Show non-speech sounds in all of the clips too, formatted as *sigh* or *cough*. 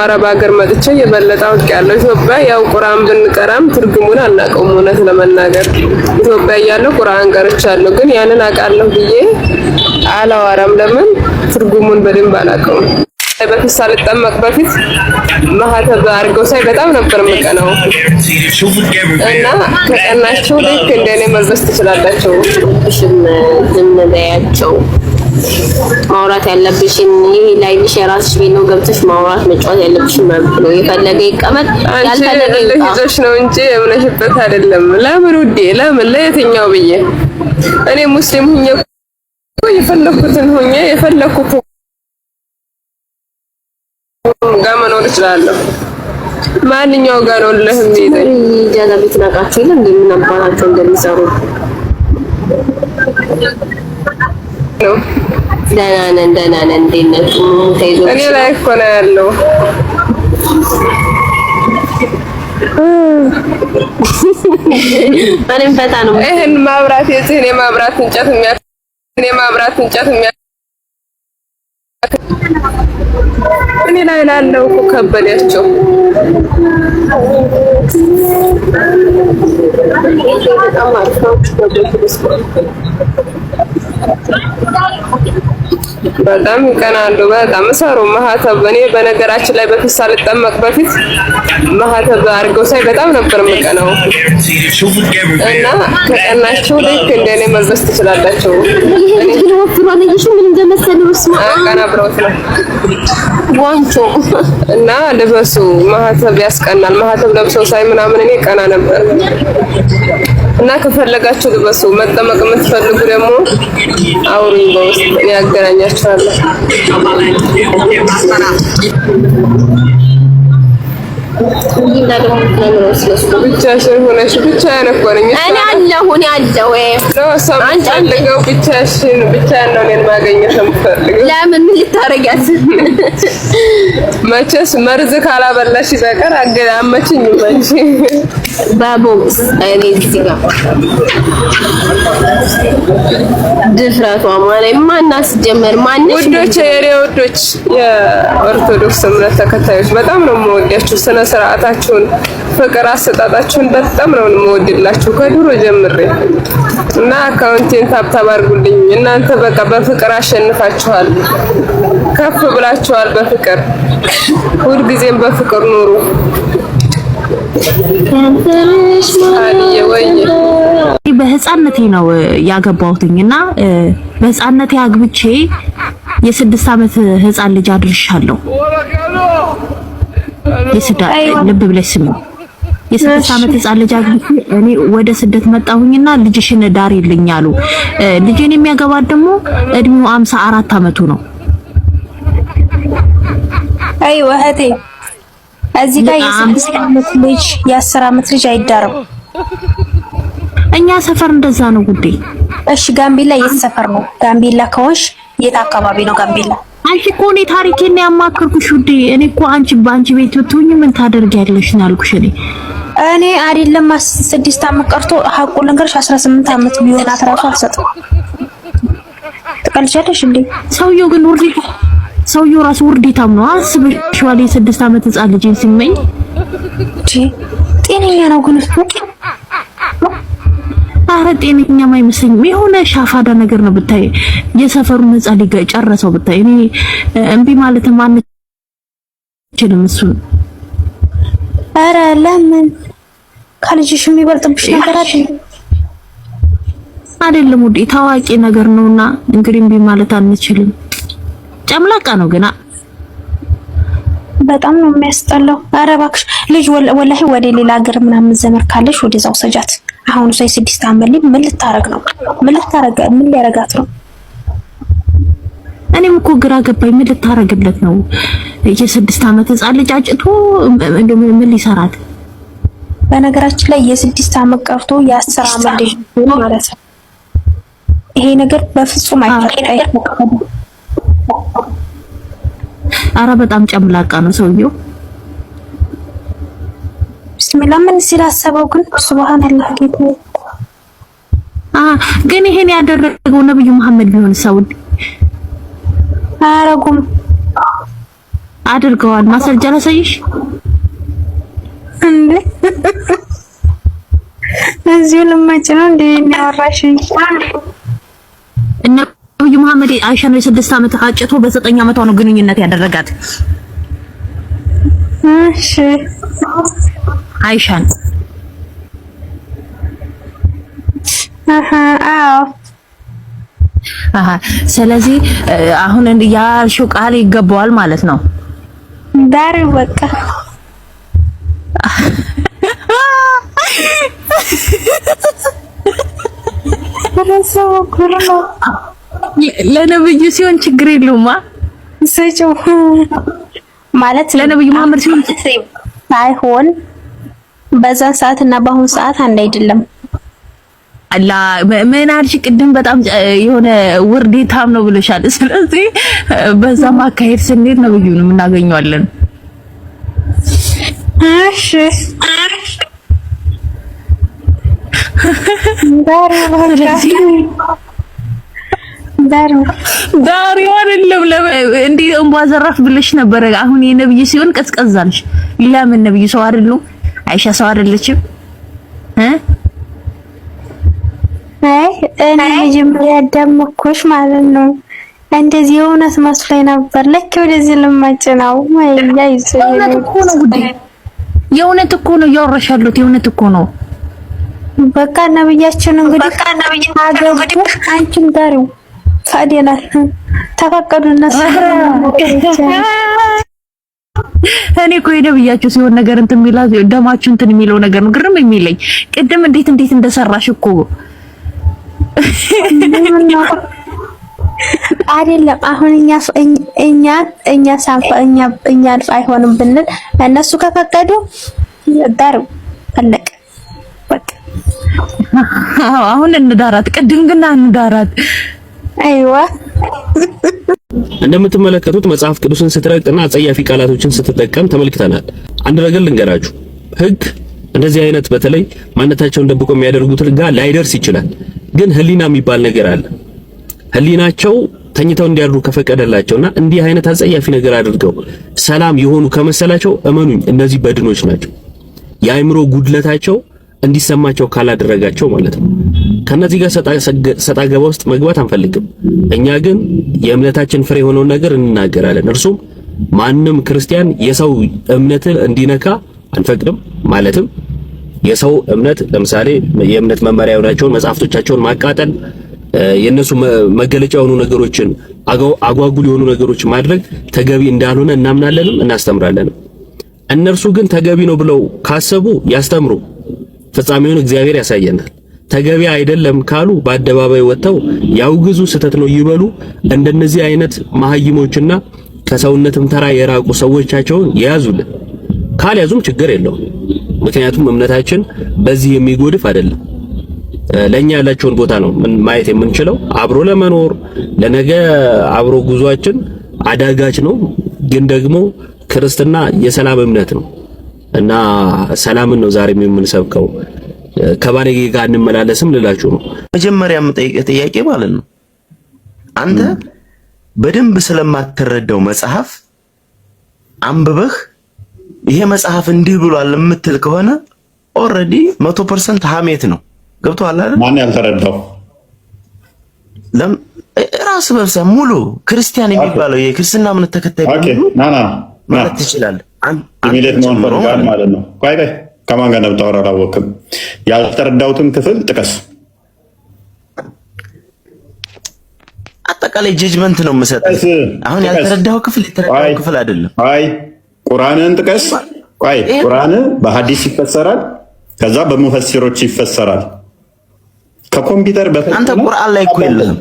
አረብ ሀገር መጥቼ የበለጠ አውቅ ያለው ኢትዮጵያ ያው ቁርአን ብንቀራም ትርጉሙን አናውቀውም። እውነት ለመናገር ኢትዮጵያ እያለሁ ቁርአን ቀርቻለሁ፣ ግን ያንን አውቃለሁ ብዬ አላወራም። ለምን ትርጉሙን በደንብ አላውቀውም። በፊት ሳልጠመቅ በፊት ማህተብ አድርገው ሳይ በጣም ነበር የምቀናው እና ከቀናቸው ልክ እንደኔ መልበስ ትችላላቸው ሽም ዝም በያቸው ማውራት ያለብሽን ይሄ ላይቭሽ የራስሽ ቤት ነው ገብተሽ ማውራት መጫወት ያለብሽ ማለት ነው። የፈለገ ይቀመጥ ያልፈለገ ይዞሽ ነው እንጂ እምነሽበት አይደለም። ለምን ውዴ ለምን ለየትኛው ብዬ እኔ ሙስሊም ሁኜ የፈለኩትን ሁኜ የፈለኩት ጋር መኖር እችላለሁ። ማንኛው ጋር ነው ለህም ይዘኝ ጃዛ ቤት ናቃችሁ የለም እንደምናባናቸው እንደሚሰሩ ደህና ነን፣ ደህና ነን። እንዴት ነሽ? እኔ ላይ እኮ ነው ያለው። *laughs* እኔም ፈታ ነው። ይሄን ማብራት የዚህ እኔ ማብራት እንጨት የሚያ እኔ ማብራት እንጨት የሚያ እኔ ላይ ላለው እኮ ከበዳቸው። 啊！*laughs* በጣም ይቀናሉ። በጣም እሰሩ ማህተብ። እኔ በነገራችን ላይ በፊት ሳልጠመቅ በፊት ማህተብ አድርገው ሳይ በጣም ነበር የምቀናው እና ከቀናቸው ልክ እንደ እኔ መልበስ ትችላላቸው። አቀናብረውት ነው ዋንቾ እና ልበሱ። ማህተብ ያስቀናል። ማህተብ ለብሰው ሳይ ምናምን እኔ ቀና ነበር እና ከፈለጋችሁ ልበሱ። መጠመቅ የምትፈልጉ ደግሞ አውሪ በውስጥ እንገናኛችኋለን። እና ብቻሽን ሆነሽ እኔ አለሁ እኔ አለሁ። ብቻሽን ነው እኔን ማገኘት የምፈልገው። ለምን ልታረጊያት? መቼስ መርዝ ካላበላሽ በቀር እኔ እዚህ ጋር ድፍረቷ ማለት ማን ውዶች፣ ውዶች የኦርቶዶክስ እምነት ተከታዮች በጣም ነው የምወዳችሁ ስነ ስርዓታችሁን፣ ፍቅር አሰጣጣችሁን በጣም ነው የምወድላችሁ ከድሮ ጀምሬ እና አካውንቴን ታብታብ አድርጉልኝ። እናንተ በቃ በፍቅር አሸንፋችኋል፣ ከፍ ብላችኋል። በፍቅር ሁልጊዜም በፍቅር ኑሩ። በህፃነቴ ነው ያገባሁትኝ እና በህፃነቴ አግብቼ የስድስት ዓመት ህፃን ልጅ አድርሻለሁ። የስዳ ልብ ብለሽ ስሚ። የስድስት ዓመት ህፃን ልጅ አግብቼ እኔ ወደ ስደት መጣሁኝና ልጅሽን ይልኝ አሉ። ልጄን የሚያገባት ደግሞ እድሜው አምሳ አራት ዓመቱ ነው። አይ ወህቴ እዚህ ጋር የስድስት ዓመት ልጅ የአስር ዓመት ልጅ አይዳርም። እኛ ሰፈር እንደዛ ነው ጉዴ። እሺ ጋምቢላ የት ሰፈር ነው? ጋምቢላ ከሆንሽ የት አካባቢ ነው ጋምቢላ? አንቺ እኮ እኔ ታሪኬን ያማከርኩሽ ውዴ። እኔ እኮ አንቺ በአንቺ ቤት ብትሆኝ ምን ታደርጊያለሽ ነው ያልኩሽ። እኔ እኔ አይደለም ስድስት ዓመት ቀርቶ ሀቁን ልንገርሽ 18 ዓመት ቢሆን እራሱ አልሰጥም። ትቀልሻለሽ እንዴ? ሰውየው ግን ውርዴ ሰውየው ራሱ ውርዴታም ነው። አስበሽዋል? የስድስት ዓመት ህጻን ልጅን ሲመኝ ጤነኛ ነው ግን እሱ አረ ጤነኛም አይመስለኝም። የሆነ ሻፋዳ ነገር ነው ብታይ የሰፈሩን ህንጻ ሊገ ጨረሰው ብታይ እኔ እምቢ ማለትም አንችልም። እሱ አረ ለምን ከልጅሽ የሚበልጥብሽ ነገር አለ አይደለም? ውዴ ታዋቂ ነገር ነውና እንግዲህ እምቢ ማለት አንችልም። ጨምላቃ ነው ግና በጣም ነው የሚያስጠላው። አረ እባክሽ ልጅ ወላሂ ወደ ሌላ ሀገር ምናምን ዘመር ካለሽ ወደዛው ሰጃት አሁን ሰይ ስድስት አመት ልጅ ምን ልታረግ ነው? ምን ልታረግ ምን ሊያረጋት ነው? እኔም እኮ ግራ ገባኝ። ምን ልታረግለት ነው? የስድስት አመት ህፃን ልጅ አጭቶ ምን ሊሰራት? በነገራችን ላይ የስድስት አመት ቀርቶ የአስር አመት ልጅ ማለት ነው። ይሄ ነገር በፍጹም አይፈቀድም። አረ በጣም ጨምላቃ ነው ሰውየው። ለምን ስላሰበው ግን ሱብሃንአላህ ጌታ ግን ይሄን ያደረገው ነብዩ መሐመድ ቢሆን ሰውን አያረጉም። አድርገዋል። ማስረጃ ላሳይሽ እንዴ? እዚሁ ልመጭ ነው እንዴ የሚያወራሽ? ነብዩ መሐመድ አይሻ ነው የስድስት ዓመት አጭቶ በዘጠኝ ዓመቷ ነው ግንኙነት ያደረጋት። እሺ አይሻን ስለዚህ አሁን ያልሽው ቃል ይገባዋል ማለት ነው። ዳር በቃ ለነብዩ ሲሆን ችግር የለውማ። ማለት ለነብዩ ማምር ሲሆን ሳይሆን በዛን ሰዓት እና በአሁን ሰዓት አንድ አይደለም። አላ ምን አልሽ? ቅድም በጣም የሆነ ውርዴታም ነው ብለሻል። ስለዚህ በዛ ማካሄድ ስንሄድ ነው ብዩ ነው እናገኘዋለን። እሺ ዳሪዋ አይደለም እንዲህ እንቧ ዘራፍ ብለሽ ነበረ። አሁን የነብይ ሲሆን ቀዝቀዝ ለምን ነብይ ሰው አይደሉም? አይሻ ሰው አይደለችም እ አይ እኔ መጀመሪያ ያዳመኩሽ ማለት ነው። እንደዚህ እውነት መስሎኝ ነበር። ልክ ወደዚህ ልማጭ ነው ማይያ ይሰየው የእውነት እኮ ነው እያወራሽ ያሉት የእውነት እኮ ነው። በቃ ነብያችን እንግዲህ በቃ ነብያችን አገቡ አንቺም ጋሪው ፈቅደናል ተፈቀዱና እነሱ እኔ እኮ ሄደ ብያችሁ ሲሆን ነገር እንትን የሚላ ደማችሁ እንትን የሚለው ነገር ነው ግርም የሚለኝ። ቅድም እንዴት እንዴት እንደሰራሽ እኮ አይደለም። አሁን እኛ እኛ እኛ ሳንፈ እኛ እኛ አልፍ አይሆንም ብንል እነሱ ከፈቀዱ ይዳሩ አለቀ። አሁን እንዳራት፣ ቅድም ግን እንዳራት። አይዋ እንደምትመለከቱት መጽሐፍ ቅዱስን ስትረቅና አጸያፊ ቃላቶችን ስትጠቀም ተመልክተናል። አንድ ነገር ልንገራችሁ፣ ህግ እንደዚህ አይነት በተለይ ማንነታቸውን ደብቆ የሚያደርጉት ጋር ላይደርስ ይችላል። ግን ህሊና የሚባል ነገር አለ። ህሊናቸው ተኝተው እንዲያድሩ ከፈቀደላቸውና እንዲህ አይነት አጸያፊ ነገር አድርገው ሰላም የሆኑ ከመሰላቸው እመኑኝ፣ እነዚህ በድኖች ናቸው። የአእምሮ ጉድለታቸው እንዲሰማቸው ካላደረጋቸው ማለት ነው። ከነዚህ ጋር ሰጣ ገባ ውስጥ መግባት አንፈልግም። እኛ ግን የእምነታችን ፍሬ የሆነውን ነገር እንናገራለን። እርሱም ማንም ክርስቲያን የሰው እምነትን እንዲነካ አንፈቅድም። ማለትም የሰው እምነት ለምሳሌ የእምነት መመሪያ የሆናቸውን መጽሐፍቶቻቸውን ማቃጠል የነሱ መገለጫ የሆኑ ነገሮችን አጓጉል የሆኑ ነገሮች ማድረግ ተገቢ እንዳልሆነ እናምናለንም እናስተምራለንም። እነርሱ ግን ተገቢ ነው ብለው ካሰቡ ያስተምሩ። ፍጻሜውን እግዚአብሔር ያሳየናል። ተገቢ አይደለም ካሉ በአደባባይ ወጥተው ያውግዙ፣ ስህተት ነው ይበሉ። እንደነዚህ አይነት ማህይሞችና ከሰውነትም ተራ የራቁ ሰዎቻቸውን የያዙልን ካልያዙም ችግር የለውም። ምክንያቱም እምነታችን በዚህ የሚጎድፍ አይደለም። ለኛ ያላቸውን ቦታ ነው ማየት የምንችለው። አብሮ ለመኖር ለነገ አብሮ ጉዟችን አዳጋች ነው፣ ግን ደግሞ ክርስትና የሰላም እምነት ነው እና ሰላምን ነው ዛሬም የምንሰብከው። ከባለጌ ጋር እንመላለስም ልላችሁ ነው። መጀመሪያም የምጠይቀህ ጥያቄ ማለት ነው አንተ በደንብ ስለማትረዳው መጽሐፍ አንብበህ ይሄ መጽሐፍ እንዲህ ብሏል የምትል ከሆነ ኦልሬዲ መቶ ፐርሰንት ሀሜት ነው። ገብቶሃል አይደል? ማን ያልተረዳው ራስ በብሰ ሙሉ ክርስቲያን የሚባለው የክርስትና እምነት ተከታይ ማለት ትችላለህ ማለት ነው። ቆይ ቆይ ከማን ጋር እንደምታወራ አላወቅም። ያልተረዳሁትን ክፍል ጥቀስ። አጠቃላይ ጀጅመንት ነው የምሰጠው። አሁን ያልተረዳኸው ክፍል የተረዳኸው ክፍል አይደለም። አይ ቁርአንን ጥቀስ። አይ ቁርአን በሐዲስ ይፈሰራል፣ ከዛ በሙፈሲሮች ይፈሰራል። ከኮምፒውተር በፊት አንተ ቁርአን ላይ እኮ የለህም።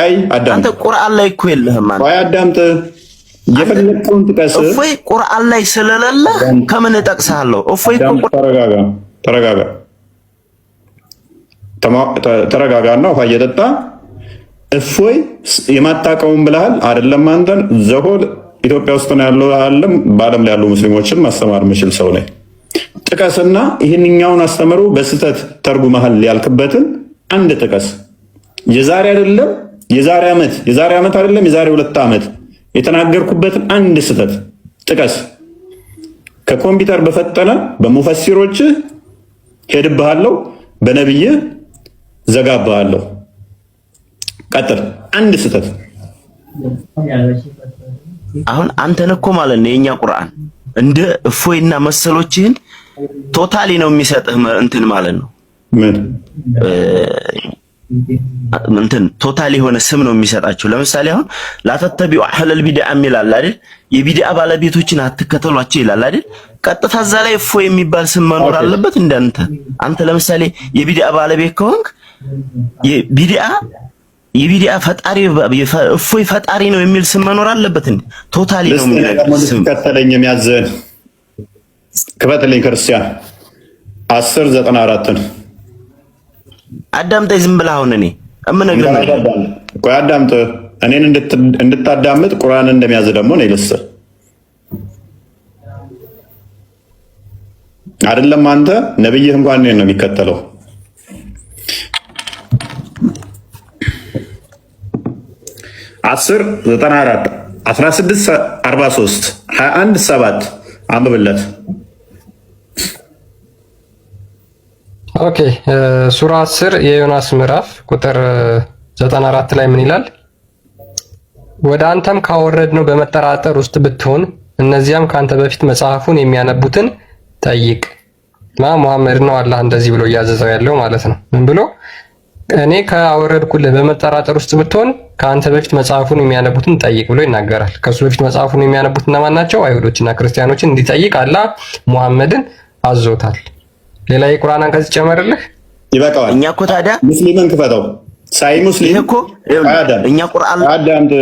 አይ አዳምጥ። አንተ ቁርአን ላይ እኮ የለህም። አይ አዳምጥ የፈለቀውን ጥቀስ። እፎይ ቁርአን ላይ ስለሌለ ከምን እጠቅሳለሁ? እፎይ ተረጋጋ፣ ተረጋጋ፣ ተረጋጋና ውሃ እየጠጣ እፎይ የማታውቀውን ብለሃል አይደለም? አንተን ዘሆል ኢትዮጵያ ውስጥ ነው ያለው አለም በዓለም ላይ ያሉ ሙስሊሞችን ማስተማር የምችል ሰው ላይ ጥቀስና ይህንኛውን አስተምሮ በስህተት ተርጉመሃል ያልክበትን አንድ ጥቀስ። የዛሬ አይደለም የዛሬ ዓመት የዛሬ ዓመት አይደለም የዛሬ ሁለት ዓመት የተናገርኩበትን አንድ ስህተት ጥቀስ። ከኮምፒውተር በፈጠነ በሙፈሲሮች ሄድብሃለሁ፣ በነብይ ዘጋብሃለሁ። ቀጥል። አንድ ስህተት አሁን አንተን እኮ ማለት ነው የኛ ቁርአን እንደ እፎይና መሰሎችህን ቶታሊ ነው የሚሰጥህ እንትን ማለት ነው ምን እንትን ቶታል የሆነ ስም ነው የሚሰጣቸው። ለምሳሌ አሁን ላተተቢው አህለል ቢዲአ ይላል አይደል? የቢዲአ ባለቤቶችን አትከተሏቸው ይላል አይደል? ቀጥታ እዛ ላይ እፎ የሚባል ስም መኖር አለበት። እንዳንተ አንተ ለምሳሌ የቢዲአ ባለቤት ከሆንክ የቢዲአ የቢዲአ ፈጣሪ እፎይ ፈጣሪ ነው የሚል ስም መኖር አለበት። እንዴ ቶታሊ ነው የሚነግርህ ከተለኝ የሚያዘን ክፈትልኝ ክርስቲያን 10 94 አዳምጠኝ። ዝም ብለህ አሁን እኔ እምነግርህ ነገር ቆይ፣ አዳምጥህ እኔን እንድታዳምጥ ቁርአን እንደሚያዝ ደግሞ ነው ይልስ አይደለም። አንተ ነብይህ እንኳን ነው የሚከተለው። አስር ዘጠና አራት አስራ ስድስት አርባ ሶስት ሀያ አንድ ሰባት አንብብለት ኦኬ ሱራ 10 የዮናስ ምዕራፍ ቁጥር 94 ላይ ምን ይላል? ወደ አንተም ካወረድነው በመጠራጠር ውስጥ ብትሆን እነዚያም ካንተ በፊት መጽሐፉን የሚያነቡትን ጠይቅ። ማ ሙሐመድ ነው አላህ እንደዚህ ብሎ እያዘዘው ያለው ማለት ነው። ምን ብሎ እኔ ካወረድኩልህ በመጠራጠር ውስጥ ብትሆን ከአንተ በፊት መጽሐፉን የሚያነቡትን ጠይቅ ብሎ ይናገራል። ከሱ በፊት መጽሐፉን የሚያነቡት እነማን ናቸው? አይሁዶችና ክርስቲያኖችን እንዲጠይቅ አላህ ሙሐመድን አዞታል። ሌላ የቁርአን አንቀጽ ጨመርልህ ይበቃዋል። እኛ እኮ ታዲያ ሙስሊምን ክፈተው ሳይ ሙስሊም እኮ እኛ ቁርአን አዳምጥ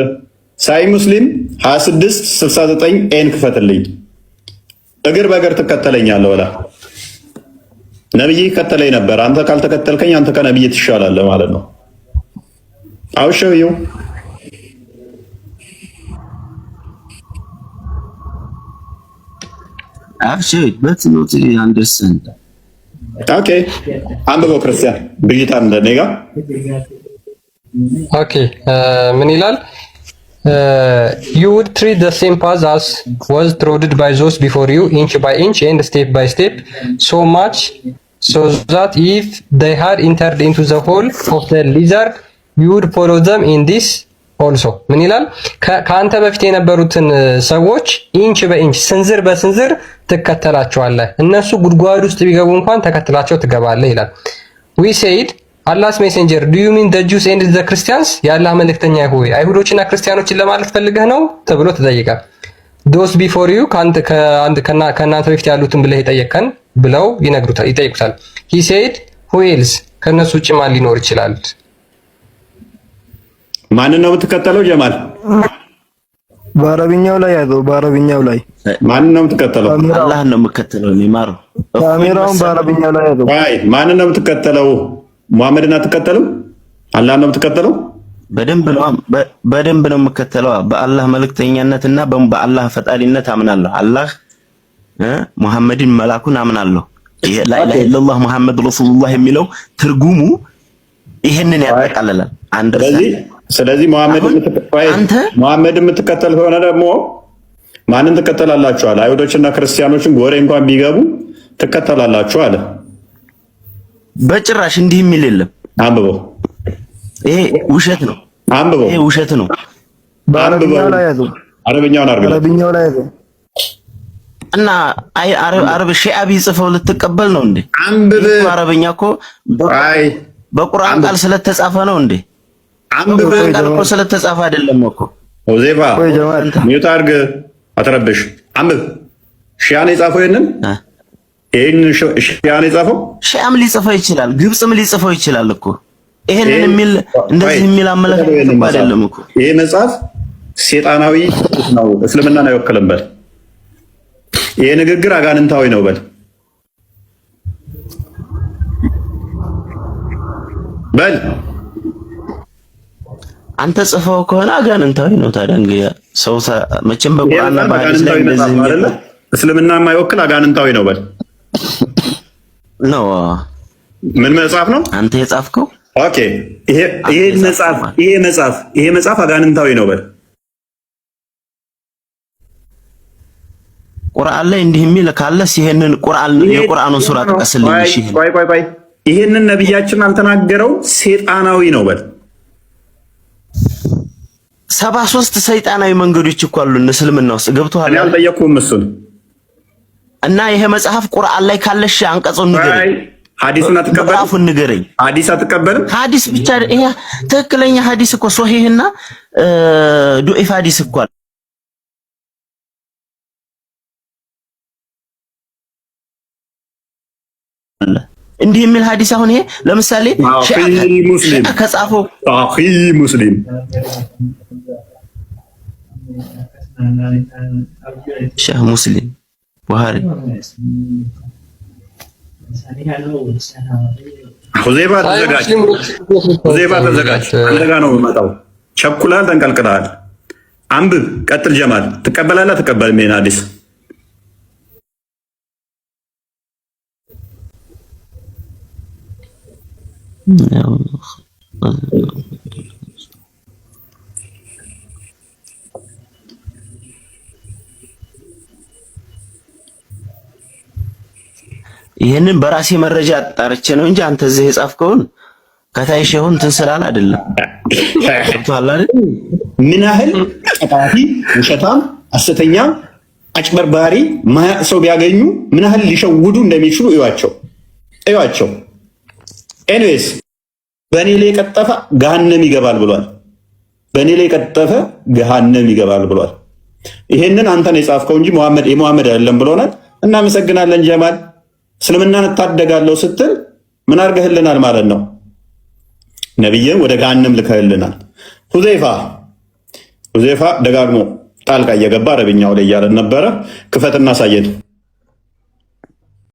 ሳይ ሙስሊም 26 69 ኤን ክፈትልኝ። እግር በእግር ትከተለኛለህ ወላ ነብይ ይከተለኝ ነበር። አንተ ካልተከተልከኝ አንተ ከነብይ ትሻላለህ ማለት ነው። አውሸው አክቹዋሊ በት ኖት አንደርስታንድ ኦኬ፣ አንብበው ክርስቲያን ብይታ እንደ ኔጋ ኦኬ፣ ምን ይላል? you would treat the same path as was trodden by those before you inch by inch and step by step so much so that if they had entered into the hole of the lizard you would follow them in this ኦልሶ ምን ይላል? ከአንተ በፊት የነበሩትን ሰዎች ኢንች በኢንች ስንዝር በስንዝር ትከተላቸዋለህ። እነሱ ጉድጓድ ውስጥ ቢገቡ እንኳን ተከትላቸው ትገባለህ ይላል። ዊ ሴይድ አላስ ሜሴንጀር ዱ ዩ ሚን ዘ ጁስ ኤንድ ዘ ክርስቲያንስ የአላህ መልእክተኛ ሆይ አይሁዶችና ክርስቲያኖችን ለማለት ፈልገህ ነው ተብሎ ተጠይቀ። ዶስ ቢፎር ዩ ከእናንተ በፊት ያሉትን ብለህ የጠየቀን ብለው ይነግሩታል፣ ይጠይቁታል። ሂ ሴይድ ሁ ኤልስ ከእነሱ ውጭ ማን ሊኖር ይችላል? ማንን ነው የምትከተለው ጀማል? በአረብኛው ላይ ያዘው። በአረብኛው ላይ ማንን ነው የምትከተለው? አላህ ነው የምትከተለው። ሊማሩ ካሜራውን በአረብኛው ላይ ያዘው። አይ ማንን ነው የምትከተለው? ሙሐመድን አትከተልም? አላህ ነው የምትከተለው? በደንብ ነው በደንብ ነው የምከተለው። በአላህ መልእክተኛነትና በአላህ ፈጣሪነት አምናለሁ። አላህ ሙሐመድን መላኩን አምናለሁ። ላ ኢለላህ ሙሐመድ ረሱሉላህ የሚለው ትርጉሙ ይሄንን ያጠቃልላል። አንድ ስለዚህ መሐመድ የምትከተል ከሆነ ደግሞ ማንን ትከተላላችሁ አለ? አይሁዶችና ክርስቲያኖችን ጎሬ እንኳን ቢገቡ ትከተላላችሁ አለ። በጭራሽ እንዲህ የሚል የለም። አንብበው። ይሄ ውሸት ነው። አንብበው። ይሄ ውሸት ነው። አረብኛውን አርገው። አረብኛው ላይ ያዘው እና አይ አረብ አረብ ሺዓቢ ቢጽፈው ልትቀበል ነው እንዴ? አንብበው። አረብኛ እኮ አይ በቁርአን ቃል ስለተጻፈ ነው እንዴ? አንብበህ እኮ ስለተጻፈ አይደለም እኮ ሆዜባ ሚውት አድርግ፣ አትረብሽ። አንብብ። ሺያም የጻፈው ይሄንን ይሄን ሺያም የጻፈው ሺያም ሊጽፈው ይችላል፣ ግብፅም ሊጽፈው ይችላል እኮ ይሄንን የሚል እንደዚህ የሚል አመለካከት አይደለም እኮ ይሄ መጽሐፍ ሴጣናዊ ነው፣ እስልምናን አይወክልም በል። ይሄ ንግግር አጋንንታዊ ነው በል በል አንተ ጽፈው ከሆነ አጋንንታዊ ነው። ታዲያ እንግዲህ ሰው መቼም በቁርአንና በሐዲስ ላይ እንደዚህ የሚል እስልምና የማይወክል አጋንንታዊ ነው በል ነው። ምን መጽሐፍ ነው አንተ የጻፍከው? ኦኬ ይሄ ይሄ መጽሐፍ ይሄ መጽሐፍ ይሄ መጽሐፍ አጋንንታዊ ነው በል። ቁርአን ላይ እንዲህ የሚል ካለስ ይሄንን ቁርአን የቁርአኑን ሱራ ጥቀስልኝ። እሺ ይሄንን ነብያችን አልተናገረው ሴጣናዊ ነው በል ሰባ ሶስት ሰይጣናዊ መንገዶች እኮ አሉ እስልምና ውስጥ ገብቶሃል። አልጠየቅኩም እሱን እና ይሄ መጽሐፍ ቁርአን ላይ ካለሽ አንቀጹን ንገረኝ፣ ሐዲሱን አትቀበልም፣ ቁርአኑን ንገረኝ። ሐዲስ አትቀበልም። ሐዲስ ብቻ ይሄ ትክክለኛ ሐዲስ እኮ ሶሂህና ዱኢፍ ሐዲስ እኮ አለ እንዲህ የሚል ሀዲስ አሁን ይሄ ለምሳሌ ሙስሊም ከጻፈው ሙስሊም ሸህ ሙስሊም ቡሃሪ ሁዜባ ተዘጋጅ፣ ሁዜባ ተዘጋጅ። አንተ ጋ ነው የምመጣው። ቸኩላል፣ ተንቀልቅለሃል። አንብብ፣ ቀጥል። ጀማል ትቀበላለህ? ተቀበል ሜን ሀዲስ ይህንን በራሴ መረጃ አጣርቼ ነው እንጂ አንተ እዚህ የጻፍከውን ከታይሸውን ትንስላል አይደለም። ምን ያህል ቀጣፊ፣ ውሸታም፣ አሰተኛ፣ አጭበርባሪ ማያ ሰው ቢያገኙ ምን ያህል ሊሸውዱ እንደሚችሉ እዩዋቸው፣ እዩዋቸው። ኤኒዌይስ በእኔ ላይ የቀጠፈ ገሃነም ይገባል ብሏል። በእኔ ላይ የቀጠፈ ገሃነም ይገባል ብሏል። ይሄንን አንተን የጻፍከው እንጂ መሐመድ የመሐመድ አይደለም ብሎናል። እናመሰግናለን ጀማል። እስልምናን እታደጋለሁ ስትል ምን አድርገህልናል ማለት ነው? ነቢይን ወደ ገሃነም ልከህልናል። ሁዘይፋ ሁዘይፋ ደጋግሞ ጣልቃ እየገባ አረብኛው ላይ እያለን ነበረ። ክፈትና ሳየን